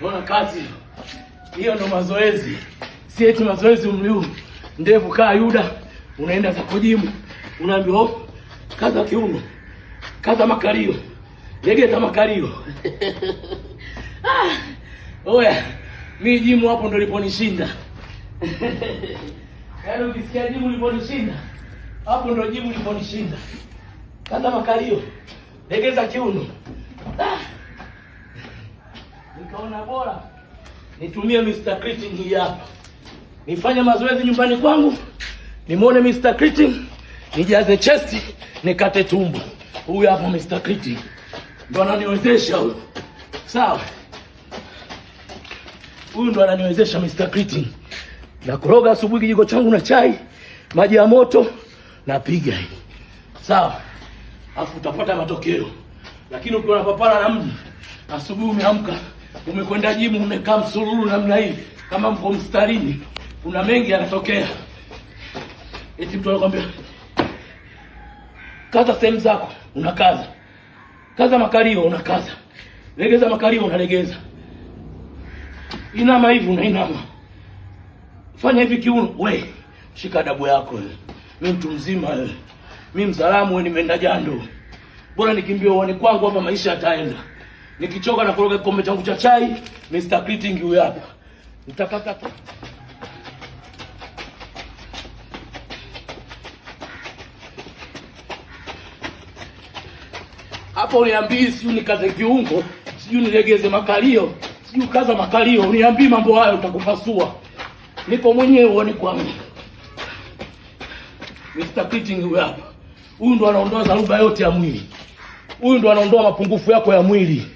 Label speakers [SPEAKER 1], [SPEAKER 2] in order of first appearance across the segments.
[SPEAKER 1] Unaona kazi hiyo, ndo mazoezi, si eti mazoezi umri huu. Ndevu kaa Yuda, unaenda za kujimu, unaambiwa hop, oh, kaza kiuno, kaza makalio, legeza makalio ah, oya mi jimu hapo ndo liponishinda yaani, ukisikia jimu liponishinda, hapo ndo jimu liponishinda. Kaza makalio, legeza kiuno ah nikaona bora nitumie Mr. Kriting hii hapa, nifanye mazoezi nyumbani kwangu, nimwone Mr. Kriting, nijaze chesti, nikate tumbo. Huyu hapa Mr. Kriting ndo ananiwezesha huyu, sawa. Huyu ndo ananiwezesha Mr. Kriting. Nakoroga asubuhi kijiko changu na chai, maji ya moto, napiga hii, sawa, afu utapata matokeo. Lakini ukiona papara na mji asubuhi umeamka umekwenda jimu, umekaa msururu namna hii, kama mko mstarini, kuna mengi yanatokea. Eti mtu anakwambia kaza sehemu zako, unakaza. Kaza makalio, unakaza. Legeza makalio, unalegeza. Inama hivi, unainama. Fanya hivi kiuno, we shika adabu yako. mi mtu mzima, mi msalamu, we nimeenda jando, bora nikimbia uani kwangu hapa, maisha yataenda nikichoka na kuroga kikombe changu cha chai, Mr. Kriting huyu hapa. Nitapata hapo, uniambii sijui nikaze viungo, sijui nilegeze makalio, siyo kaza makalio, uniambii mambo hayo, utakupasua. niko mwenyewe uoni kwangu. Mr. Kriting huyu hapa. Huyu ndo anaondoa dharuba yote ya mwili. Huyu ndo anaondoa mapungufu yako ya mwili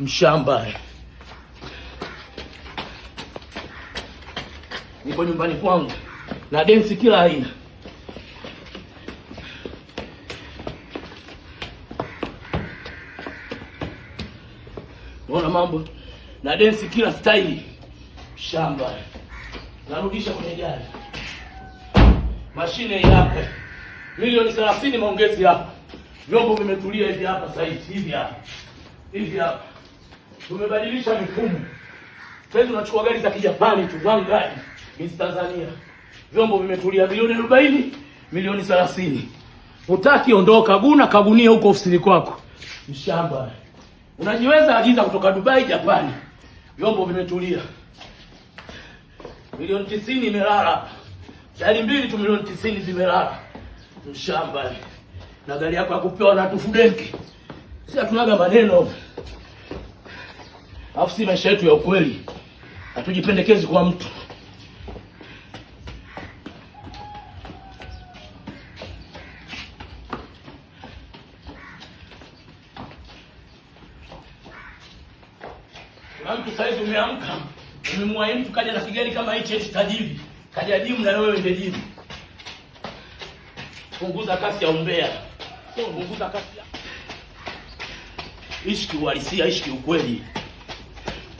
[SPEAKER 1] mshamba nipo nyumbani kwangu na densi kila aina. ona mambo na densi kila staili mshamba Narudisha kwenye gari, mashine yape milioni 30 maongezi hapa, vyombo vimetulia hivi hapa saizi, hivi hapa hivi hapa tumebadilisha mifumo. Sasa tunachukua gari za Kijapani tu, gari Miss Tanzania, vyombo vimetulia, bilioni 40 milioni 30. Utaki ondoka, guna kagunia huko ofisini kwako, mshamba unajiweza, agiza kutoka Dubai, Japani, vyombo vimetulia, milioni 90 imelala gari mbili tu, milioni 90 zimelala, mshamba na gari yako ya kupewa na tufudenki. Sisi hatunaga maneno. Alafu si maisha yetu ya ukweli, hatujipendekezi kwa mtu. Kuna mtu saizi umeamka, umemwahi mtu kaja na kigani kama hichi hichi, tajiri kaja jimu, na wewe ndiye jimu. Punguza kasi ya umbea, sio punguza kasi ya ishi kiuhalisia, ishi kiukweli.